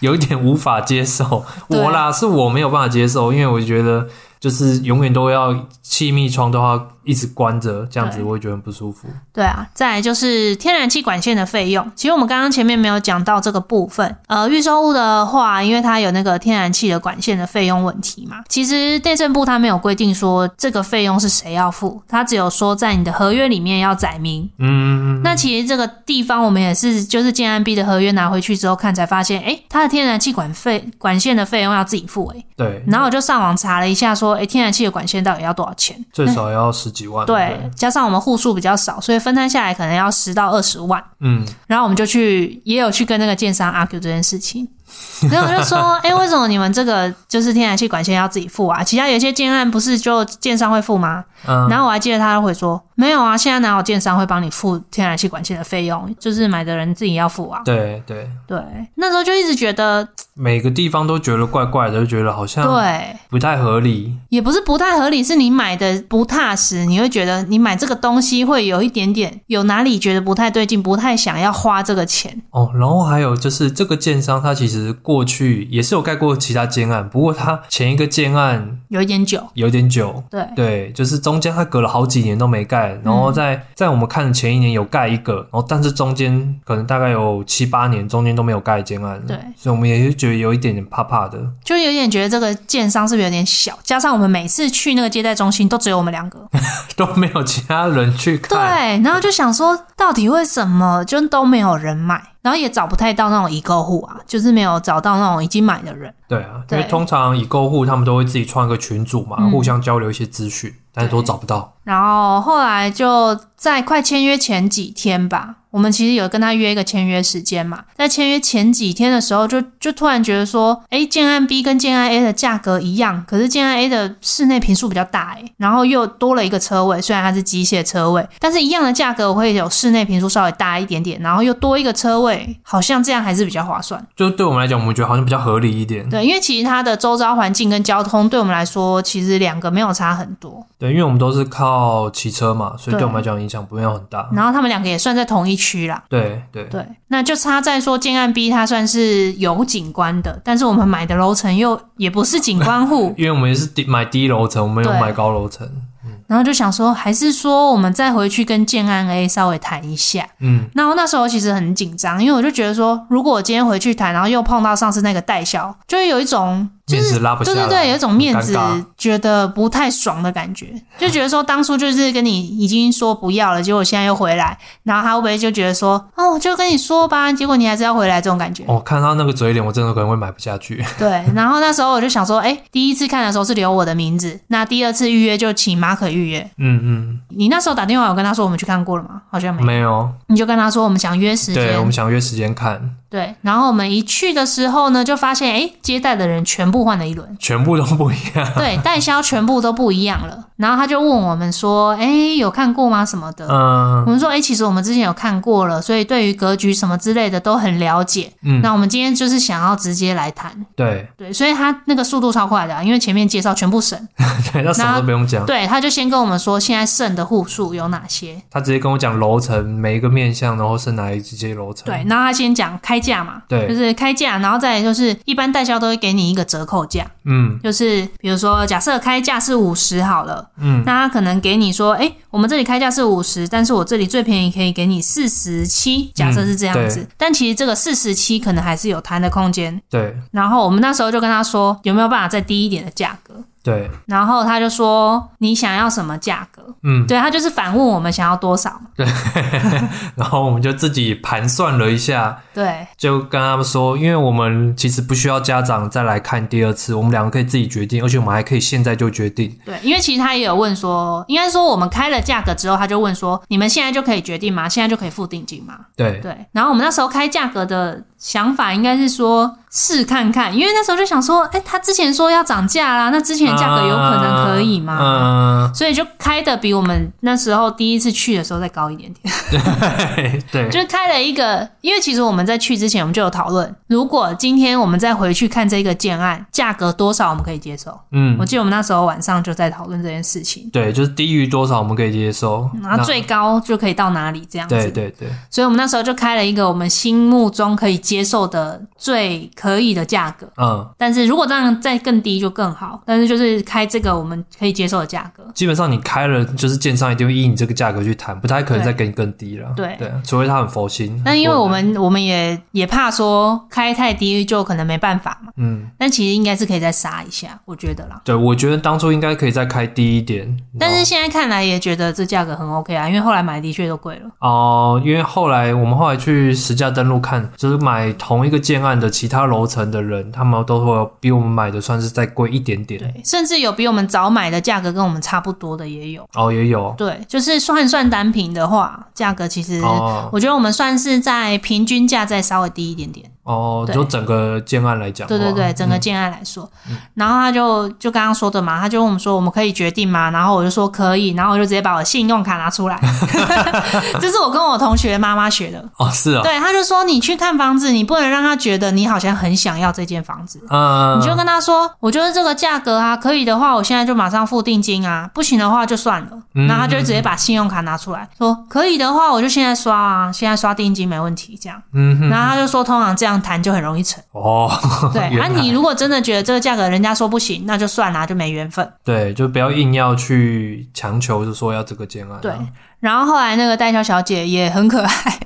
有一點無法接受。嗯、我啦，是我沒有辦法接受，對因為我覺得就是永遠都要氣密窗的話，一直關着，這樣子我會覺得很不舒服。對，對啊，再來就是天然氣管線的費用。其實我們剛剛前面沒有講到這個部分。呃，預售屋的話，因為它有那個天然氣的管線的費用問題嘛，其實內政部它沒有規定說這個費用是誰要付，它只有說在你的合約裡面要載明。嗯，嗯，嗯，那其實這個地方我們也是，就是建案 B 的合約拿回去之後看，才發現，誒、欸，它的天然氣管費管線的費用要自己付、欸。誒，對。然後我就上網查了一下，說，誒、欸，天然氣的管線到底要多少錢？最少要十幾，對，對加上我們戶數比較少，所以分攤下來可能要十到二十萬。嗯，然後我們就去，也有去跟那個建商 argue 這件事情。 [LAUGHS] 然後我就說：“哎、欸，為什麼你們這個就是天然氣管線要自己付啊？其他有些建案不是就建商會付嗎？”嗯、然後我還記得他會說：“沒有啊，現在哪有建商會幫你付天然氣管線的費用？就是買的人自己要付啊。對。”對對對，那時候就一直覺得每個地方都覺得怪怪的，就覺得好像對不太合理，也不是不太合理，是你買的不踏實，你會覺得你買這個東西會有一點點有哪裡覺得不太對勁，不太想要花這個錢哦。然後還有就是這個建商他其實。過去也是有蓋過其他建案，不過他前一個建案有一點久，有點久，對對，就是中間他隔了好幾年都沒蓋，然後在、嗯、在我們看的前一年有蓋一個，然後但是中間可能大概有七八年中間都沒有蓋建案，對，所以我們也是覺得有一點點怕怕的，就有點覺得這個建商是不是有點小，加上我們每次去那個接待中心都只有我們兩個， [LAUGHS] 都沒有其他人去看，對，然後就想說到底為什麼就都沒有人買。然後也找不太到那種已購戶啊，就是沒有找到那種已經買的人。對啊，對，因為通常已購戶他們都會自己創一個群組嘛，嗯、互相交流一些資訊，嗯、但是都找不到。然後後來就。在快簽約前幾天吧，我們其實有跟他約一個簽約時間嘛。在簽約前幾天的時候就，就就突然覺得說，哎、欸，建案 B 跟建案 A 的價格一樣，可是建案 A 的室內坪數比較大，哎、欸，然後又多了一個車位，雖然它是機械車位，但是一樣的價格，我會有室內坪數稍微大一點點，然後又多一個車位，好像這樣還是比較划算。就對我們來講，我們覺得好像比較合理一點。對，因為其實它的周遭環境跟交通對我們來說，其實兩個沒有差很多。對，因為我們都是靠騎車嘛，所以對我們來講。影響不會很大，然後他們兩個也算在同一區啦。對對對，那就差在說建案 B 它算是有景觀的，但是我們買的樓層又也不是景觀戶， [LAUGHS] 因為我們也是買低樓層，我們有買高樓層。然後就想說，還是說我們再回去跟建案 A 稍微談一下。嗯，然後那時候其實很緊張，因為我就覺得說，如果我今天回去談，然後又碰到上次那個代銷，就有一種。就是、面子拉不下來，對對對，有一種面子覺得不太爽的感覺，就覺得說，當初就是跟你已經說不要了，結果現在又回來，然後他會不會就覺得說，哦，我就跟你說吧，結果你還是要回來這種感覺？我、哦、看他那個嘴臉，我真的可能會買不下去。對，然後那時候我就想說，誒、欸，第一次看的時候是留我的名字，那第二次預約就請馬可預約。嗯嗯，你那時候打電話，有跟他說我們去看過了嗎？好像沒有，沒有，你就跟他說我們想約時間，對，我們想約時間看。對，然後我們一去的時候呢，就發現，哎，接待的人全部換了一輪，全部都不一樣。對，代銷全部都不一樣了。 [LAUGHS] 然後他就問我們說，哎，有看過嗎？什麼的。嗯。我們說，哎，其實我們之前有看過了，所以對於格局什麼之類的都很了解。嗯。那我們今天就是想要直接來談。對對，所以他那個速度超快的，因為前面介紹全部省， [LAUGHS] 對，他什麼都不用講。對，他就先跟我們說現在剩的戶數有哪些。他直接跟我講樓層，每一個面向，然後剩哪一這些樓層。對，然後他先講開。開價嘛，對，就是開價，然後再就是一般代銷都會給你一個折扣價，嗯，就是比如說假設開價是五十好了，嗯，那他可能給你說，哎、欸，我們這裡開價是五十，但是我這裡最便宜可以給你四十七，假設是這樣子，嗯、但其實這個四十七可能還是有談的空間，對。然後我們那時候就跟他說，有沒有辦法再低一點的價格？對，然後他就說，你想要什麼價格？嗯，對，他就是反問我們想要多少。對， [LAUGHS] 然後我們就自己盤算了一下，對，就跟他們說，因為我們其實不需要家長再來看第二次，我們兩個可以自己決定，而且我們還可以現在就決定。對，因為其實他也有問說，應該說我們開了價格之後，他就問說，你們現在就可以決定嗎？現在就可以付定金嗎？對對，然後我們那時候開價格的。想法應該是說試看看，因為那時候就想說，哎、欸，他之前說要漲價啦，那之前的價格有可能可以嗎？Uh, uh, 所以就開的比我們那時候第一次去的時候再高一點點。 [LAUGHS] 對，對就開了一個，因為其實我們在去之前，我們就有討論，如果今天我們再回去看這個建案，價格多少我們可以接受？嗯，我記得我們那時候晚上就在討論這件事情。對，就是低於多少我們可以接受，然後最高就可以到哪裡這樣子。對對對。對對所以我們那時候就開了一個我們心目中可以。接受的最可以的價格，嗯，但是如果這樣再更低就更好。但是就是開這個我們可以接受的價格，基本上你開了就是建商一定會依你這個價格去談，不太可能再給你更低了。對，對，除非他很佛心。那因為我們我們也也怕說開太低就可能沒辦法嘛，嗯。但其實應該是可以再殺一下，我覺得啦。對，我覺得當初應該可以再開低一點，但是現在看來也覺得這價格很 OK 啊，因為後來買的確都貴了。哦、呃，因為後來我們後來去實價登錄看，就是買。買同一個建案的其他樓層的人，他們都會比我們買的算是再貴一點點。對，甚至有比我們早買的價格跟我們差不多的也有。哦，也有。對，就是算算單坪的話，價格其實、哦、我覺得我們算是在平均價再稍微低一點點。哦，對就整個建案來講，對對對，整個建案來說。嗯、然後他就就剛剛說的嘛，他就問我們說我們可以決定嗎？然後我就說可以，然後我就直接把我的信用卡拿出來。 [LAUGHS] [LAUGHS] 這是我跟我同學媽媽學的。哦，是哦。對，他就說你去看房子。你不能讓他覺得你好像很想要這間房子，嗯，你就跟他說：“我覺得這個價格啊，可以的話，我現在就馬上付定金啊，不行的話就算了。”然後他就直接把信用卡拿出來說：“可以的話，我就現在刷啊，現在刷定金沒問題。”這樣，然後他就說：“通常這樣談就很容易成。”哦，對。啊你如果真的覺得這個價格人家說不行，那就算了，就沒緣分。對，就不要硬要去強求，就說要這個間啊。對，然後後來那個代銷小、小姐也很可愛。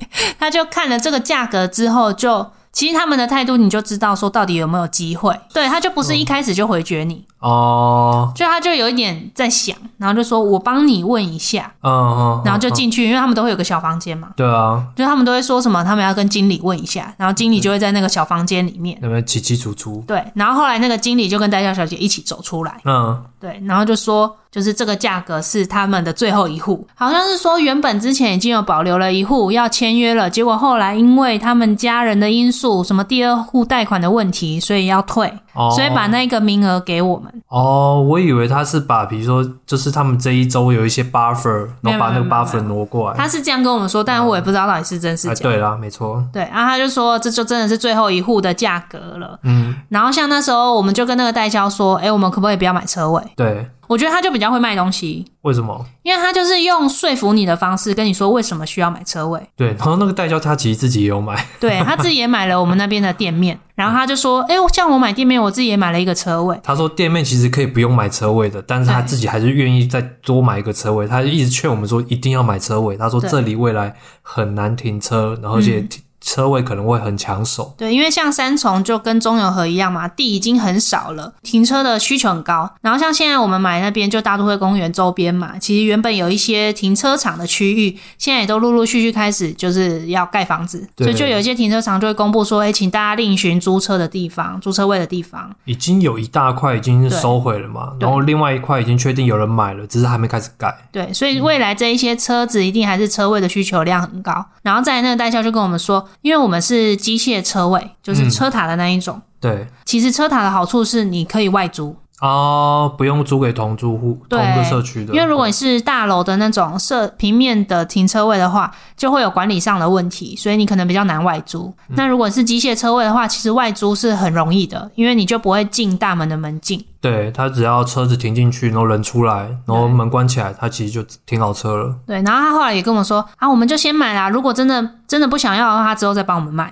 他就看了這個價格之後就，就其實他們的態度你就知道說到底有沒有機會。對，他就不是一開始就回絕你、嗯、哦，就他就有一點在想，然後就說我幫你問一下，嗯，嗯嗯，然後就進去，嗯嗯、因為他們都會有個小房間嘛。對啊，就他們都會說什麼，他們要跟經理問一下，然後經理就會在那個小房間裡面，嗯、那邊進進出出，對，然後後來那個經理就跟代銷小姐一起走出來，嗯，對，然後就說。就是這個價格是他們的最後一戶，好像是說原本之前已經有保留了一戶要簽約了，結果後來因為他們家人的因素，什麼第二戶貸款的問題，所以要退，哦、所以把那個名額給我們。哦，我以為他是把，比如說就是他們這一周有一些 buffer，然後把那個 buffer 挪過來沒沒沒沒沒。他是這樣跟我們說，但我也不知道到底是真是假、嗯哎。對啦，沒錯。對，然後、啊、他就說這就真的是最後一戶的價格了。嗯，然後像那時候我們就跟那個代銷說，哎，我們可不可以不要買車位？對。我覺得他就比較會賣東西，為什麼？因為他就是用說服你的方式跟你說為什麼需要買車位。對，然後那個代銷他其實自己也有買，對他自己也買了我們那邊的店面， [LAUGHS] 然後他就說：“誒、欸，像我買店面，我自己也買了一個車位。”他說店面其實可以不用買車位的，但是他自己還是願意再多買一個車位。對他一直勸我們說一定要買車位。他說這裡未來很難停車，然後而且停。嗯車位可能會很搶手，對，因為像三重就跟中永和一樣嘛，地已經很少了，停車的需求很高。然後像現在我們買那邊就大都會公園周邊嘛，其實原本有一些停車場的區域，現在也都陸陸續續開始就是要蓋房子，對所以就有一些停車場就會公布說，誒、欸，請大家另尋租車的地方，租車位的地方。已經有一大塊已經是收回了嘛，對然後另外一塊已經確定有人買了，只是還沒開始蓋。對，所以未來這一些車子一定還是車位的需求量很高。嗯、然後在那個代銷就跟我們說。因為我們是機械車位，就是車塔的那一種。嗯、對，其實車塔的好處是你可以外租。哦、呃，不用租給同租戶、對同一個社區的。因為如果你是大樓的那種設平面的停車位的話，對就會有管理上的問題，所以你可能比較難外租。嗯、那如果是機械車位的話，其實外租是很容易的，因為你就不會進大門的門禁。對，他只要車子停進去，然後人出來，然後門關起來，對他其實就停好車了。對，然後他後來也跟我說啊，我們就先買啦，如果真的真的不想要的話，他之後再幫我們賣。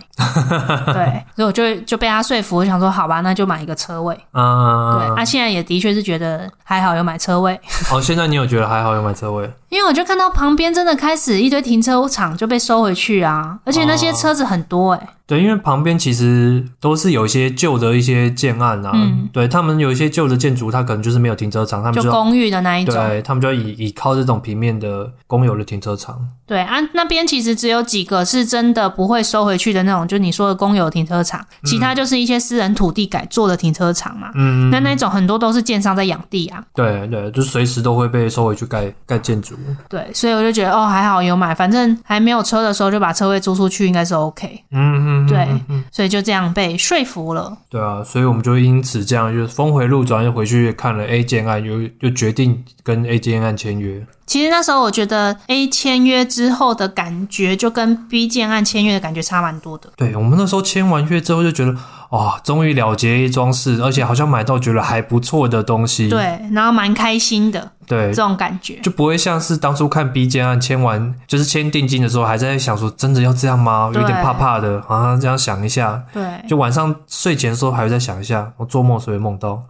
[LAUGHS] 對，所以我就就被他說服，我想說好吧，那就買一個車位。啊、嗯，對，他、啊、現在也的確是覺得還好有買車位。好、哦、現在你有覺得還好有買車位？ [LAUGHS] 因為我就看到旁邊真的開始一堆停車場就被收回去啊，而且那些車子很多誒、欸。哦對，因為旁邊其實都是有一些舊的一些建案啊，嗯、對他們有一些舊的建築，它可能就是沒有停車場，他們就，就公寓的那一種，對，他們就要倚倚靠這種平面的公有的停車場。對啊，那邊其實只有幾個是真的不會收回去的那種，就你說的公有的停車場，其他就是一些私人土地改做的停車場嘛。嗯，那那種很多都是建商在養地啊。對對，就隨時都會被收回去蓋蓋建築。對，所以我就覺得哦，還好有買，反正還沒有車的時候就把車位租出去，應該是 OK。嗯嗯。對，嗯嗯嗯，所以就這樣被說服了。對啊，所以我們就因此這樣，就峰回路轉，又回去看了 A 建案，又就決定跟 A 建案簽約。其實那時候我覺得 A 簽約之後的感覺，就跟 B 建案簽約的感覺差蠻多的。對，我們那時候簽完約之後，就覺得哇、哦，終於了結一樁事，而且好像買到覺得還不錯的東西。對，然後蠻開心的。對，這種感覺就不會像是當初看 B 建案，簽完，就是簽定金的時候，還在想說真的要這樣嗎？對有點怕怕的好像，啊，這樣想一下。對，就晚上睡前的時候還會再想一下，我做夢所以夢到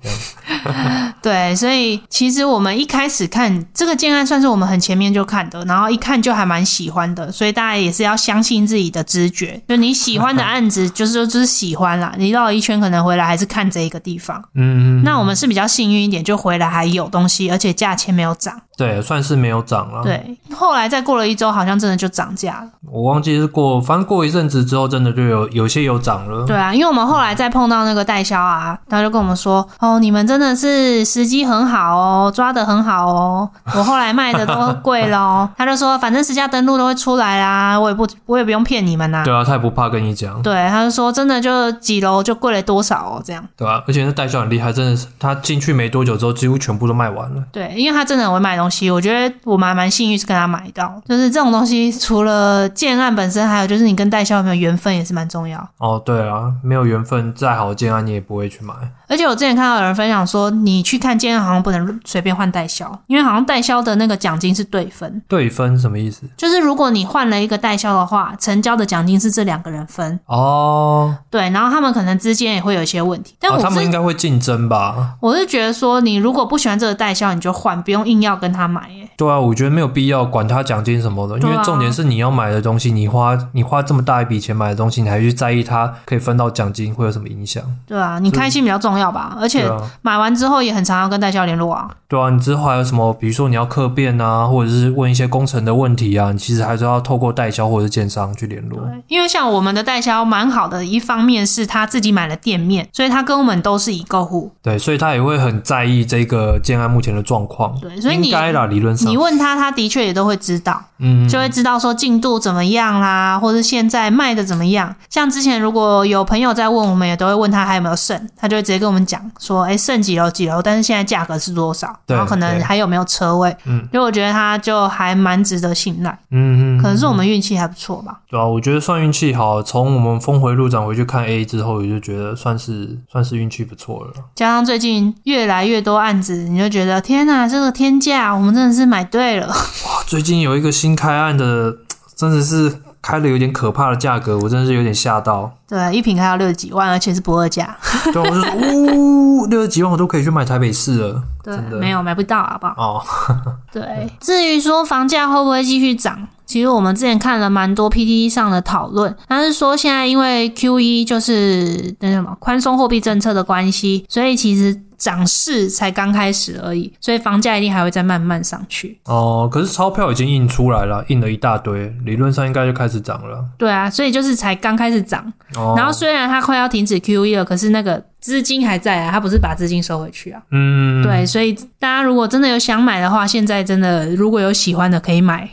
對， [LAUGHS] [LAUGHS] 對，所以其實我們一開始看這個建案，算是我們很前面就看的，然後一看就還蠻喜歡的，所以大家也是要相信自己的直覺。就你喜歡的案子，就是說就是喜歡啦，你繞一圈可能回來還是看這一個地方。嗯，嗯嗯。那我們是比較幸運一點，就回來還有東西，而且價錢。還沒有漲，對，算是沒有漲了。對，後來再過了一周，好像真的就漲價了。我忘記是過，反正過一陣子之後，真的就有有些有漲了。對啊，因為我們後來再碰到那個代銷啊，嗯、他就跟我們說：“哦，你們真的是時機很好哦，抓得很好哦。”我後來賣的都貴嘍。 [LAUGHS] 他就說：“反正實價登錄都會出來啦、啊，我也不我也不用騙你們吶、啊。”對啊，他也不怕跟你講。對，他就說：“真的就幾樓就貴了多少哦，這樣對啊，而且那代銷很厲害，真的是他進去沒多久之後，幾乎全部都賣完了。對，因為他。他真的會買東西，我覺得我們還蠻幸運是跟他買到。就是這種東西，除了建案本身，還有就是你跟代銷有沒有緣分也是蠻重要。哦，對啊，沒有緣分再好的建案你也不會去買。而且我之前看到有人分享說，你去看建案好像不能隨便換代銷，因為好像代銷的那個獎金是對分。對分什麼意思？就是如果你換了一個代銷的話，成交的獎金是這兩個人分。哦，對，然後他們可能之間也會有一些問題。但我是、哦、他們應該會競爭吧？我是覺得說，你如果不喜歡這個代銷，你就換。不用硬要跟他買耶、欸。對啊，我覺得沒有必要管他獎金什麼的，啊、因為重點是你要買的東西，你花你花這麼大一筆錢買的東西，你還去在意他可以分到獎金會有什麼影響？對啊，你開心比較重要吧。啊、而且買完之後也很常要跟代銷聯絡啊。對啊，你之後還有什麼？比如說你要客變啊，或者是問一些工程的問題啊，你其實還是要透過代銷或者是建商去聯絡。因為像我們的代銷蠻好的，一方面是他自己買了店面，所以他跟我們都是已購戶。對，所以他也會很在意這個建案目前的狀況。對，所以你該啦，理論上你問他，他的確也都會知道，嗯，就會知道說進度怎麼樣啦，嗯嗯，或者現在賣的怎麼樣。像之前如果有朋友在問，我們也都會問他還有沒有剩，他就會直接跟我們講說，哎、欸，剩幾樓幾樓，但是現在價格是多少，對，然後可能還有沒有車位。嗯，因為我覺得他就還蠻值得信賴。嗯嗯，嗯嗯，可能是我們運氣還不錯吧。對啊，我覺得算運氣好。從我們峰迴路轉回去看 A 之後，你就覺得算是算是運氣不錯了。加上最近越來越多案子，你就覺得天哪、啊，這。這天價，我們真的是買對了。哇，最近有一個新開案的，真的是開的有點可怕的價格，我真的是有點嚇到。對，一坪開到六十幾萬，而且是不二價。對，我就嗚六十幾萬，我都可以去買台北市了。對，的沒有買不到，好不好？哦， [LAUGHS] 對。至於說房價會不會繼續漲，其實我們之前看了蠻多 PTT 上的討論，他是說現在因為 QE 就是那什麼寬鬆貨幣政策的關係，所以其實。漲勢才剛開始而已，所以房價一定還會再慢慢上去。哦，可是鈔票已經印出來了，印了一大堆，理論上應該就開始漲了。對啊，所以就是才剛開始漲。哦、然後雖然它快要停止 QE 了，可是那個資金還在啊，它不是把資金收回去啊。嗯，對，所以大家如果真的有想買的話，現在真的如果有喜歡的可以買。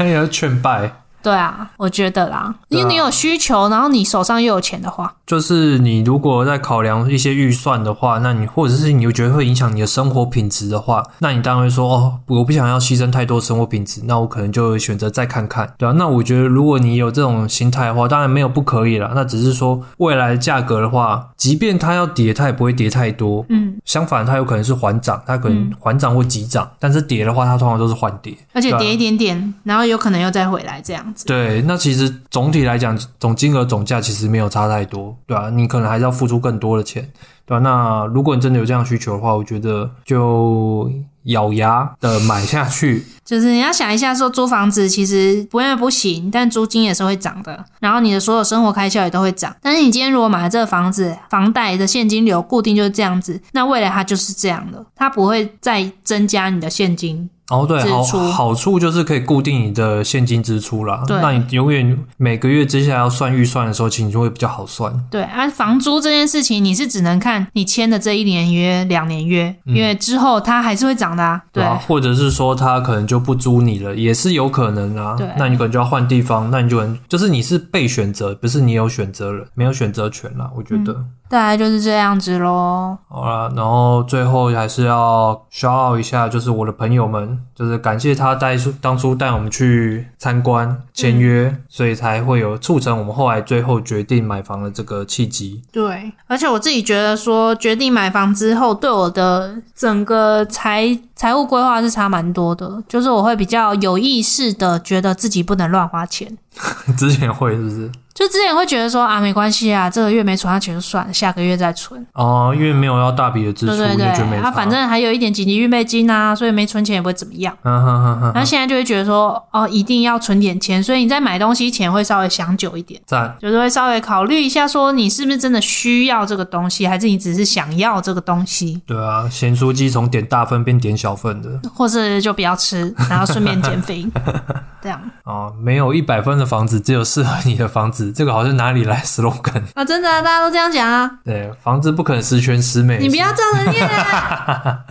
有 [LAUGHS] 勸、 [LAUGHS] 哎、敗。對啊，我覺得啦，因為你有需求，啊、然後你手上又有錢的話，就是你如果在考量一些預算的話，那你或者是你又覺得會影響你的生活品質的話，那你當然會說哦，我不想要犧牲太多生活品質，那我可能就選擇再看看，對啊。那我覺得如果你有這種心態的話，當然沒有不可以啦。那只是說未來的價格的話，即便它要跌，它也不會跌太多，嗯，相反的它有可能是緩漲，它可能緩漲或急漲，嗯、但是跌的話，它通常都是緩跌，而且跌一點點，啊、然後有可能又再回來這樣。對，那其實總體來講，總金額總價其實沒有差太多，對吧、啊？你可能還是要付出更多的錢，對吧、啊？那如果你真的有這樣需求的話，我覺得就咬牙的買下去。就是你要想一下，說租房子其實不用不行，但租金也是會漲的，然後你的所有生活開銷也都會漲。但是你今天如果買了這個房子，房貸的現金流固定就是這樣子，那未來它就是這樣的，它不會再增加你的現金。哦，對，出好，好處就是可以固定你的現金支出啦。對那你永遠每個月接下來要算預算的時候，其實你就會比較好算。對，按、啊、房租這件事情，你是只能看你簽的這一年約、兩年約，嗯、因為之後它還是會漲的，啊。對啊。或者是說，他可能就不租你了，也是有可能啊。對，那你可能就要換地方，那你就能，就是你是被選擇，不是你有選擇了，沒有選擇權了，我覺得。嗯大概就是這樣子嘍。好了，然後最後還是要 shout out 一下，就是我的朋友們，就是感謝他帶，當初帶我們去參觀簽約，嗯、所以才會有促成我們後來最後決定買房的這個契機。對，而且我自己覺得說，決定買房之後，對我的整個財財務規劃是差蠻多的，就是我會比較有意識的，覺得自己不能亂花錢。 [LAUGHS] 之前會是不是？就之前會覺得說啊，沒關係啊，這個月沒存錢就算了，下個月再存。哦，因為沒有要大筆的支出，對對對覺得沒。他、啊、反正還有一點緊急預備金吶、啊，所以沒存錢也不會怎麼樣。嗯哼哼哼。那、啊啊啊啊、現在就會覺得說，啊、哦，一定要存點錢，所以你在買東西前會稍微想久一點。讚讚。就是會稍微考慮一下，說你是不是真的需要這個東西，還是你只是想要這個東西。對啊，鹹酥雞從點大份變點小份的，或是就不要吃，然後順便減肥， [LAUGHS] 這樣。哦，沒有一百分的房子，只有適合你的房子。這個好像哪裡來的 slogan 啊、哦？真的、啊，大家都這樣講啊。對，房子不可能十全十美，你不要這樣的念、啊。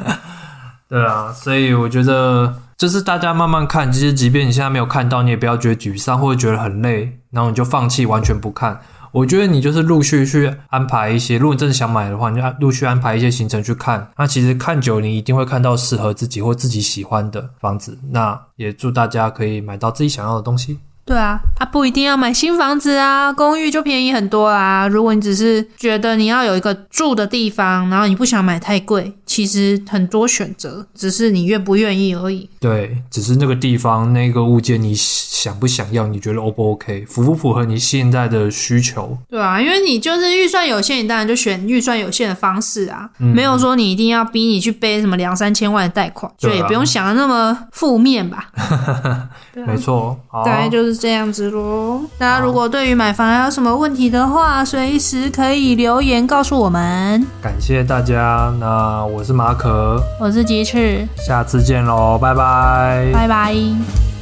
[LAUGHS] 對啊，所以我覺得就是大家慢慢看，其實即便你現在沒有看到，你也不要覺得沮喪或者覺得很累，然後你就放棄完全不看。我覺得你就是陸續去安排一些，如果你真的想買的話，你就按陸續安排一些行程去看。那其實看久，你一定會看到適合自己或自己喜歡的房子。那也祝大家可以買到自己想要的東西。對啊，他、啊、不一定要買新房子啊，公寓就便宜很多啦、啊。如果你只是覺得你要有一個住的地方，然後你不想買太貴，其實很多選擇，只是你願不願意而已。對，只是那個地方那個物件你想不想要？你覺得 O 不 OK，符不符，符合你現在的需求？對啊，因為你就是預算有限，你當然就選預算有限的方式啊，嗯、沒有說你一定要逼你去背什麼兩三千萬的貸款，對啊、所以也不用想的那麼負面吧。 [LAUGHS] 沒錯，大概就是。這樣子咯大家如果對於買房還有什麼問題的話，隨好時可以留言告訴我們。感謝大家，那我是馬可，我是雞翅，下次見嘍，拜拜，拜拜。